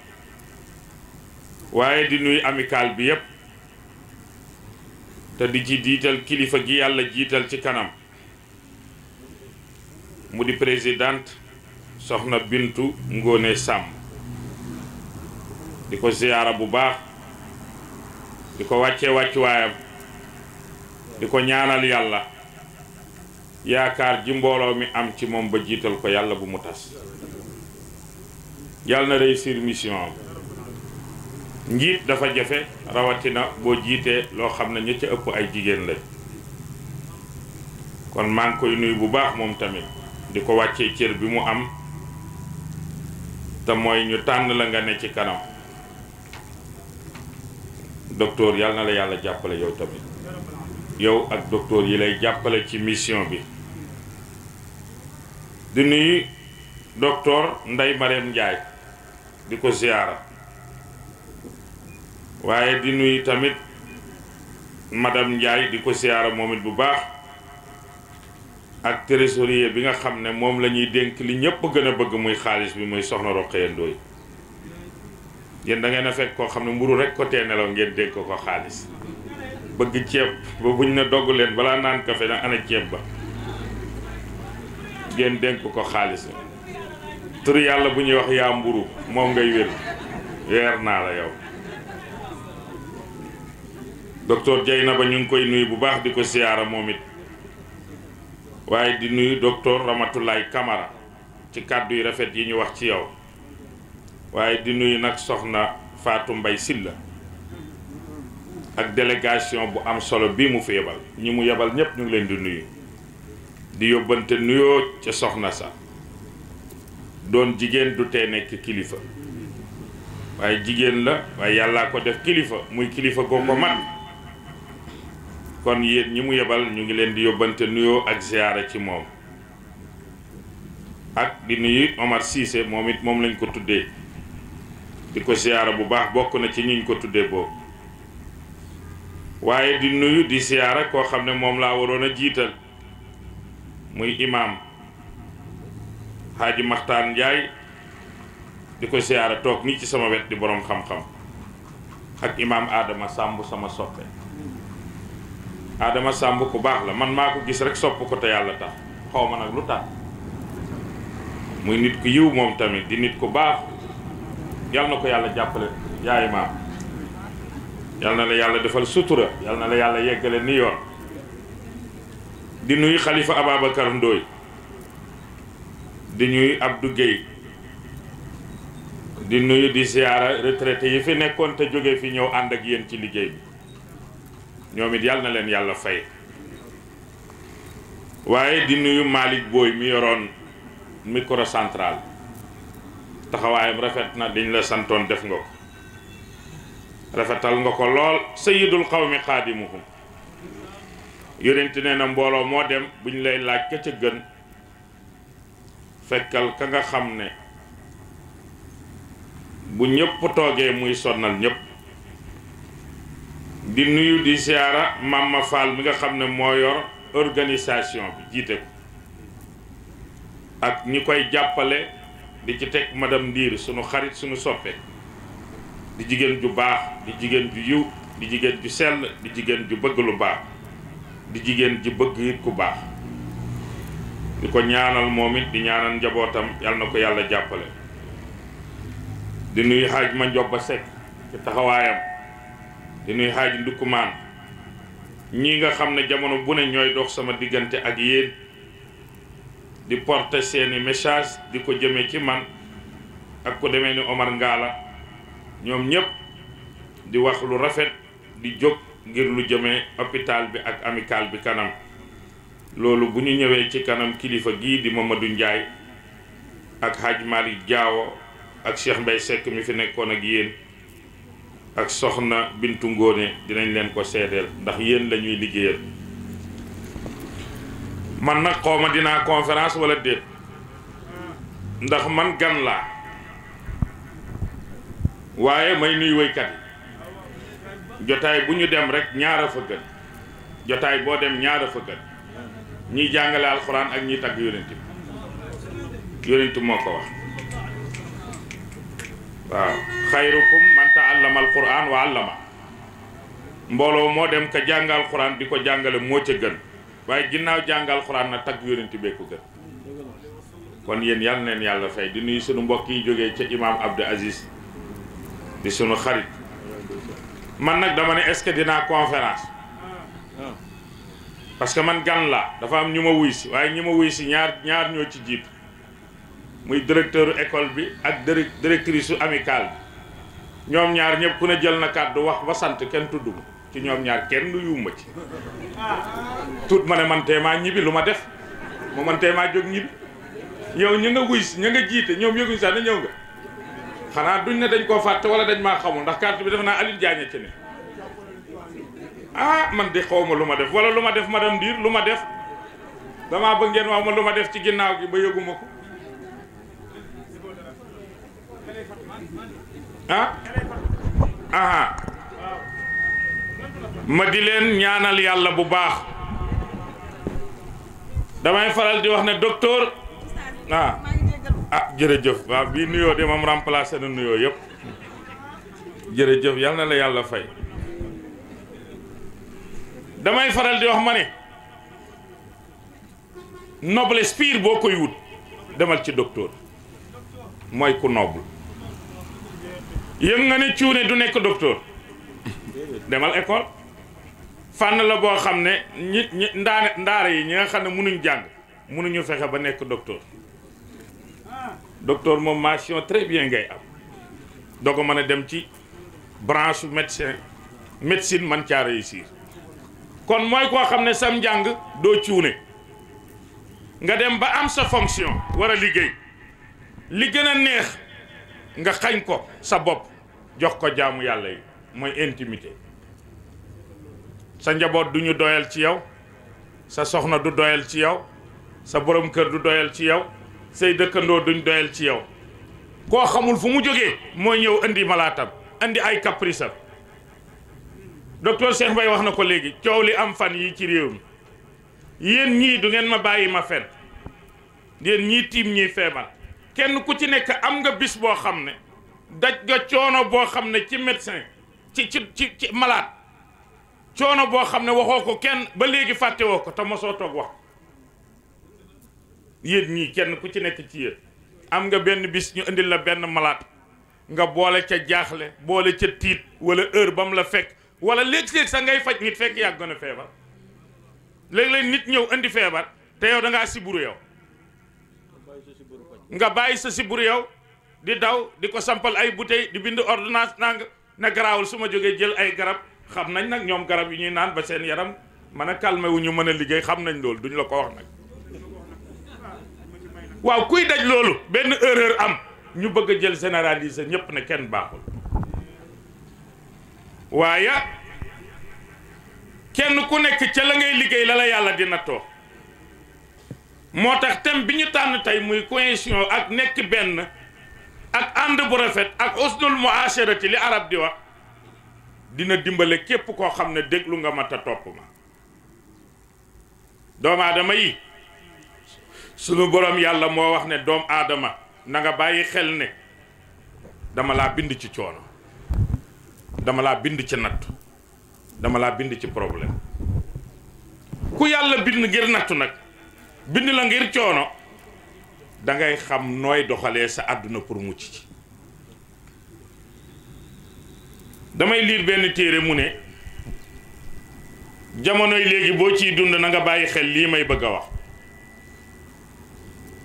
waaye di nuyu amical bi yépp te di ci diital kilifa gi yàlla jiital ci kanam mu di présidente soxna Bintu Ngóone Sàmm di ko ziyaara bu baax di ko wàccee wàccuwaayam di ko ñaanal yàlla yaakaar ji mbooloo mi am ci moom ba jiital ko yàlla bu mu tas yàlla na réussir mission am njiit dafa jafe rawatina boo jiitee loo xam ne ña ca ëpp ay jigéen lañ kon maa ngi koy nuyu bu baax moom tamit di ko wàccee cër bi mu am te mooy ñu tànn la nga ne ci kanam docteur yàlla na la yàlla jàppale yow tamit yow ak docteur yi lay jàppale ci mission bi di nuyu docteur Ndeye Marème njaay di ko ziyaara waaye di nuyu tamit madame njaay di ko ziyaara moom it bu baax ak trésorier bi nga xam ne moom lañuy ñuy dénk li ñépp gën a bëgg muy xaalis bi muy soxna Roqaya Ndoye yéen da ngeen a fekk koo xam ne mburu rek ko tee nelaw ngeen dénk ko xaalis bëgg ceeb ba buñ ne dogg leen balaa naan kafe na ana ceeb ba ngeen dénk ko xaalis tur yàlla bu ñuy wax yaa mburu moom ngay wér weer naa la yow na ba ñu ngi koy nuyu bu baax di ko siyaara moom it waaye di nuyu docteur Ramatoulaye kamara ci kàddu yu rafet yi ñu wax ci yow waaye di nuyu nag soxna Fatou Mbaye Sylla ak délégation bu am solo bi mu fi yebal ñi mu yebal ñépp ñu ngi leen di nuyu di yóbbante nuyoo ca soxna sa doon jigéen du tee nekk kilifa waaye jigéen la waaye yàllaa ko def kilifa muy kilifa goo ko man kon yéen ñi mu yebal ñu ngi leen di yóbbante nuyoo ak ziyaara ci moom ak di nuyu Omar Cissé moom it moom lañ ko tuddee di ko ziyaara bu baax bokk na ci ñu ko tuddee boobu waaye di nuyu di siyaara koo xam ne moom laa waroon a jiital muy imaam Xaaji Maxtaar Njaay di ko siyaara toog nii ci sama wet di boroom xam-xam ak imaam Adama Sàmb sama soppe Adama Sàmb ku baax la man maa ko gis rek sopp ko te yàlla tax xaw ma nag lu tax muy nit ku yiw moom tamit di nit ku baax yal na ko yàlla jàppale yaay maam yal na la yàlla defal sutura yal na la yàlla yeggale ni yoon di nuy xalifa Ababacar Ndoye di ñuy ab Guèye di nuyu di siyaara retraité yi fi nekkoon te jóge fi ñëw ànd ak yéen ci liggéey bi ñoom it yal na leen yàlla fay waaye di nuyu Malick Boy mi yoroon microcentral taxawaayam rafet na diñ la santoon def nga ko rafetal nga ko lool sayidul xawmi xaadimuhum yonent nee na mbooloo moo dem bu ñu lay laaj ka ca gën fekkal ka nga xam ne bu ñëpp toogee muy sonnal ñëpp di nuyu di siyaara Mama Fall mi nga xam ne moo yor organisation bi jiite ko ak ñi koy jàppale di ci teg madame Ndiir sunu xarit sunu soppe di jigen ju bax di jigen ju yu di jigen ju sel di jigen ju bëgg lu bax di jigen ji bëgg ku bax di ñaanal momit di ñaanal njabotam yal nako yalla jappale di nuy haaj ma njobba sek ci taxawayam di nuy haaj ndukuman ñi nga xamne jamono bu ne ñoy dox sama digante ak yeen di porter seeni message di ko jëme ci man ak ku demee ni Omar Ngala ñoom ñëpp di wax lu rafet di jóg ngir lu jëmee hôpital bi ak amical bi kanam loolu bu ñu ñëwee ci kanam kilifa gii di Mamadou Ndiaye ak Hadj Malick Diawo ak Cheikh Mbaye Seck mi fi nekkoon ak yéen ak soxna Bintu Ngóone dinañ leen ko seedeel ndax yéen lañuy liggéeyal man na xawma dinaa conférence wala déet ndax man gan la waaye may nuyu woykat yi jotaay bu ñu dem rek ñaar a fa gën jotaay boo dem ñaar a fa gën ñiy jàngale alxuraan ak ñiy tagg yonent bi yonent moo ko wax waaw xayrukum man taallama alxuraan wa allama mbooloo moo dem ka jàng alxuraan di ko jàngale moo ca gën waaye ginnaaw jàng alxuraan na tagg yonent bee ko gën kon yéen yal neen yàlla fay di nuyu sunu mbokk yi jógee ca imaam Abdou Aziz di sunu xarit man nak dama ne est-ce dina conférence parce que man gan la dafa am ñuma wuy ci waye ñuma wuy ci ñaar ñaar ñoo ci jitt muy directeur école bi ak directrice su amicale bi ñaar ñep ku ne jël na cadeau wax ba sante ken tuddu ci ñom ñaar kenn lu yuuma ci tuut mané man té ma ñibi luma def mo man té ma jog ñibi yow ñinga wuy si ñu nga jiite ñoom yëguñ sax ne nga xanaa duñ ne dañ koo fàtte wala dañ maa xamul ndax carte bi def naa Alioune Diagne ci ne ah man de xaw ma lu ma def wala lu ma def madame Ndiir lu ma def damaa bëgg ngeen wax ma lu ma def ci ginnaaw gi ba yëguma ko ah aha ma di leen ñaanal yàlla bu baax damay faral di wax ne docteur ah. ah jërëjëf waaw bii nuyoo de moom remplacé na nuyoo yëpp jërëjëf yal na la yàlla fay damay faral di wax ma ne noblesse pire boo koy wut demal ci docteur mooy ku noble yëg nga ne cuune du nekk docteur demal école fànn la boo xam ne ñi ñi ndaare ndaare yi ñi nga xam ne munuñ jàng munuñu fexe ba nekk docteur docteur mom mention très bien ngay am doko ko dem ci branche médecin médecine man ci réussir kon moy ko xamné ne sam jang do cuune nga dem ba am sa fonction wara a liggéey li gëna neex nga xagn ko sa bop jox ko jaamu yalla yi moy intimité sa njabot duñu ñu doyal ci yow sa soxna du doyal ci yow sa borom kër du doyal ci yow say dëkkandoo duñ doyal ci yow koo xamul fu mu jógee mooy ñëw indi malaatam indi ay caprice am docteur Cheikh wax na ko léegi coow li am fan yi ci réew mi yéen ñii du ngeen ma bàyyi ma fen yéen ñii tiim ñii feebar kenn ku ci nekk am nga bis boo xam ne daj nga coono boo xam ne ci médecin ci ci ci ci malade coono boo xam ne waxoo ko kenn ba léegi fàttewoo ko te mosoo toog wax yéen ñii kenn ku ci nekk ci yéen am nga benn bis ñu indil la benn malaat nga boole ca jaaxle boole ca tiit wala heure ba mu la fekk wala léeg-léeg sax ngay faj nit fekk yaa feebar léeg-léeg nit ñëw indi feebar te yow da ngaa siburu yow nga bàyyi sa siburu yow di daw di ko sampal ay bouteille di bind ordonnance nang na garaawul su ma jógee jël ay garab xam nañ nag ñoom garab yi ñuy naan ba seen yaram mën a calmé wu ñu mën a liggéey xam nañ loolu duñu la ko wax nag waaw kuy daj loolu benn erreur am ñu bëgg a jël généraliser ñépp ne kenn baaxul waaye kenn ku nekk ca la ngay liggéey la la yàlla dina nattoo moo tax thème bi ñu tànn tey muy cohésion ak nekk benn ak ànd bu rafet ak usnul muasharati li arab di wax dina dimbale képp koo xam ne déglu nga mat a topp ma doomu yi sunu borom yàlla moo wax ne doom aadama na nga bàyyi xel ne dama laa bind ci coono dama laa bind ci nattu dama laa bind ci problème ku yàlla bind ngir nattu nag bind la ngir coono da ngay xam nooy doxalee sa àdduna pour mucc ci damay liir benn téere mu ne jamonoy léegi boo ciy dund na nga bàyyi xel lii may bëgg a wax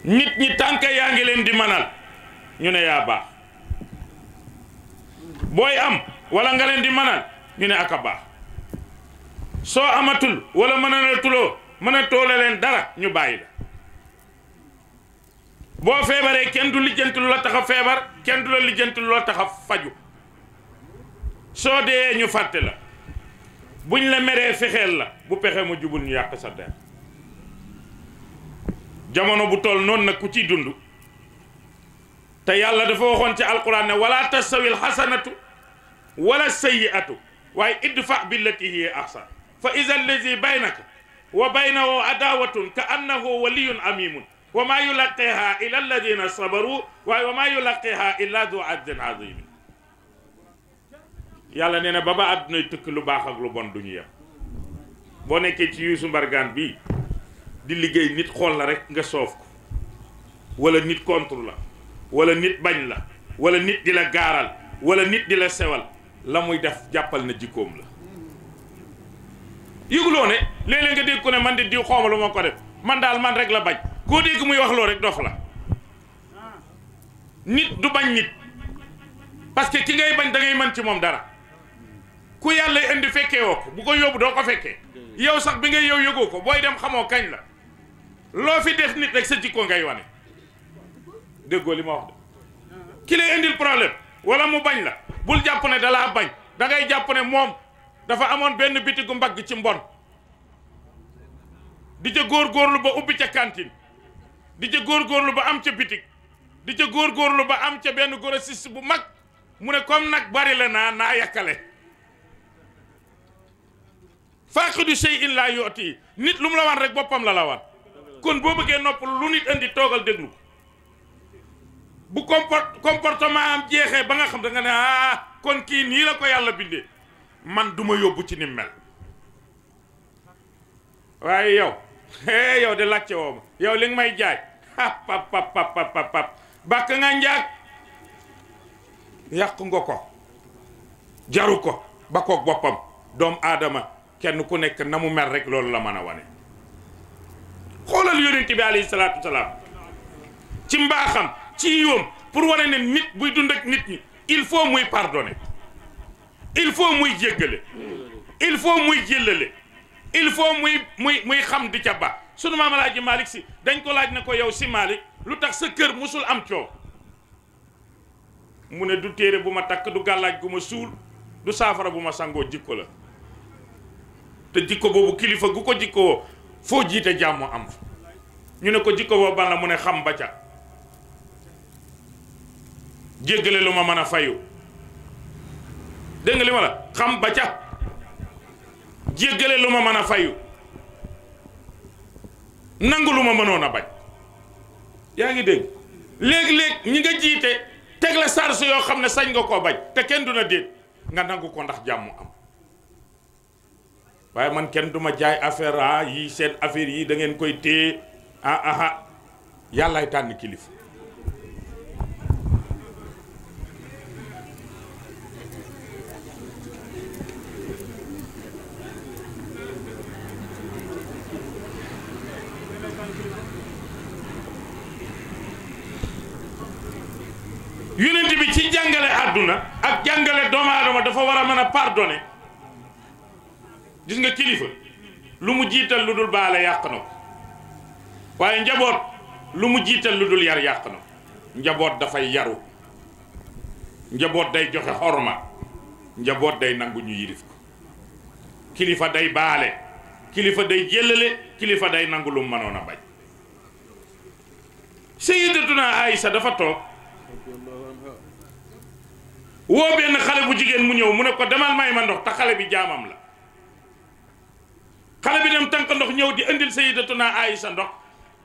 nit ñi tànka yaa ngi leen di manal ñu ne yaa baax booy am walla nga leen di manal ñu ne aka baax soo amatul wala mën a na tuloo leen dara ñu bàyyi la boo feebaree kenn du lijjanti lu la tax a feebar kenn du la lijjanti lu la tax a faju soo dee ñu fàtte la ñu la meree fexeel la bu pexe mu jubul ñu yàq sa der jamono bu toll noonu nag ku ciy dund te yàlla dafa waxoon ci alquran ne wala tastawi alxasanatu wala sayiatu waaye idfa billati hiya ahsan fa ida allazi baynaka wa baynahu adawatun ka annahu waliyun amimun wa ma yulaqiha illa alladina sabaru waaye wa ma yulaqiha illa du adin azimin yàlla nee na ba ba lu baax ak lu bon du ñu yem boo ci yuusu mbargaan bii di liggéey nit xool la rek nga soof ko wala nit contre la wala nit bañ la wala nit di la gaaral wala nit di la sewal la muy def jàppal na jikkoom la yëguloo ne léeg-léeg nga dégg ko ne man di diw xawma lu ma ko def man daal man rek la bañ koo dégg muy wax loo rek dox la nit du bañ nit parce que ki ngay bañ dangay man ci moom dara ku yàlla indi fekkee woo ko bu ko yóbbu doo ko fekkee yow sax bi ngay yow yëgoo ko booy dem xamoo kañ la loo fi def nit rek sa jikkoo ngay wane déggoo li ma wax de ki lay indil problème wala mu bañ la bul jàpp ne dalaa bañ da ngay jàpp ne moom dafa amoon benn bitigu mbagg ci mbon di ca góorgóorlu ba ubbi ca kantin di ca góorlu ba am ca bitig di ca góor góorlu ba am ca benn grossiste bu mag mu ne comme nag bari la naa naa yàkkale faaqidu shay'in laa yooti nit lu mu la rek boppam la la kon bo beugé nopp lu nit indi togal deglu bu comportement am jexé ba nga xam da nga né ah kon ki ni la ko yalla bindé man duma yobbu ci ni mel waaye yow hé yow de laccé woo yow li nga may jaay ah pap pap pap pap pap bak nga ndiak yak ngoko jaruko bakok bopam dom adama kenn ku nek namu rek lolou la xoolal yonent bi alayhi salaatu salaam ci mbaxam ci yom pour wone ne nit buy dund ak nit ñi il faut muy pardonner il faut muy jéggale il faut muy jéllale il faut muy muy muy xam di ca ba sunu mama Alaaji malik si dañ ko laaj ne ko yow si malik lu tax sa kër musul am coow mu ne du téere bu ma takk du gàllaaj gu ma suul du saafara bu ma sangoo jikko la te jikko boobu kilifa gu ko jikkoo foo jiite jàmm am fa ñu ne ko jikko boobu ban la mu ne xam ba ca jéggale lu ma mën a fayu dégg nga ma la xam ba ca jéggale lu ma mën a fayu nangu lu ma mënoon a bañ yaa ngi dégg léeg-léeg ñi nga jiite teg la charge yoo xam ne sañ nga koo bañ te kenn du na déet nga nangu ko ndax jàmmu am waaye man kenn duma jaay affaire ah yi seen affaire yi dangeen koy téye ah, ah ah yàllaay tànn kilifa yonent bi ci jàngale àdduna ak jàngale doomu aadama dafa war a mën a pardonner gis nga kilifa lu mu jiital lu dul baale yàq na ko waaye njaboot lu mu jiital lu dul yar yàq na ko njaboot dafay yaru njaboot day joxe xorma njaboot day nangu ñu yilif ko kilifa day baale kilifa day jëllale kilifa day nangu lu mu mënoon a bañ sayyidatuna Aïsa dafa toog woo benn xale bu jigéen mu ñëw mu ne ko demal may ma ndox te xale bi jaamam la xale bi dem tànk ndox ñëw di indil sayyidatuna Aïcha ndox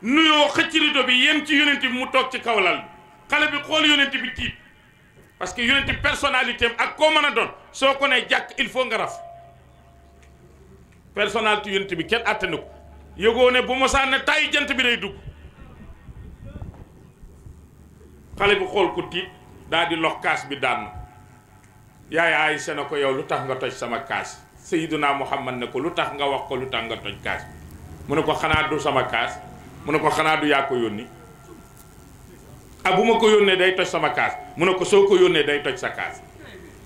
nuyoo xëcc rido bi yem ci yonent bi mu toog ci kaw lal bi xale bi xool yonent bi tiit parce que yonent bi personnalité ak koo mën a doon soo ko nee jàkk il faut nga raf personnalité yonent bi kenn àttanu ko yëgoo ne bu mosaan ne tàyyi jant bi day dugg xale bi xool ko tiit daal di lox kaas bi daan na yaay Aïcha na ko yow lu tax nga toj sama kaas sayiduna muhammad na ko lu tax nga wax ko lu tax nga toj kaas bi mu ne ko xanaa du sama kaas mu ne ko xanaa du yaa ko yónni ah bu ma ko yónnee day toj sama kaas mu ne ko soo ko yónnee day toj sa kaas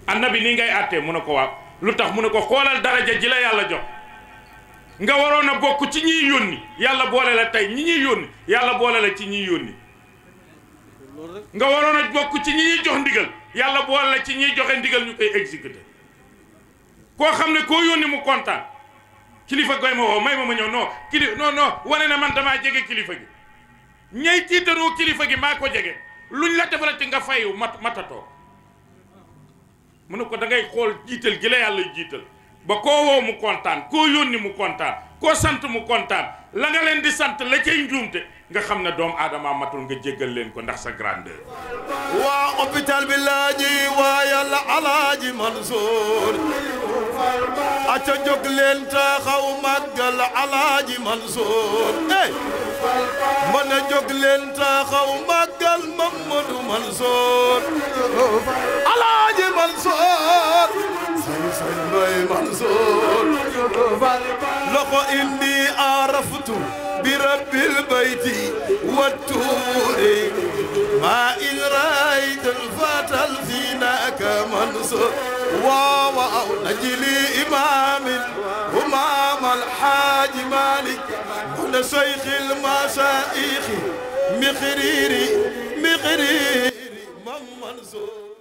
annabi nii ngay àttee mu ne ko waaw lu tax mu ne ko xoolal daraja ji la yàlla jox nga waroon a bokk ci ñiy yónni yàlla boole la tey ñi ñuy yónni yàlla boole la ci ñiy yónni nga waroon a bokk ci ñi jox ndigal yàlla boole la ci ñiy joxe ndigal ñu koy eh, exécuté koo xam ne koo yónni mu kontaan kilifa goy ma woo may ma ma ñëw non kilifa non non wane na man damaa jege kilifa gi ñay tiitaroo kilifa gi maa ko jege luñ la ci nga fayu mat matatoo mu ne ko da ngay xool jiital gi la yàlla jiital ba koo woo mu kontaan koo yónni mu kontaan koo sant mu kontaan la nga leen di sant la cay njuumte nga xam ne doom aadama matul nga jéggal leen ko ndax sa grandeur waa hôpital bi laaji waa yàlla alaaji Mansour aca jóg leen taxaw màggal alaaji Mansour ey mën jóg leen taxaw màggal Mamadou Mansour alaaji Mansour لقو إني عرفت برب البيت والتور ما إن رأيت الفتى الزينك منصور واو نجلي إمام همام الحاج مالك من شيخ المشايخ مخريري مخريري من منصور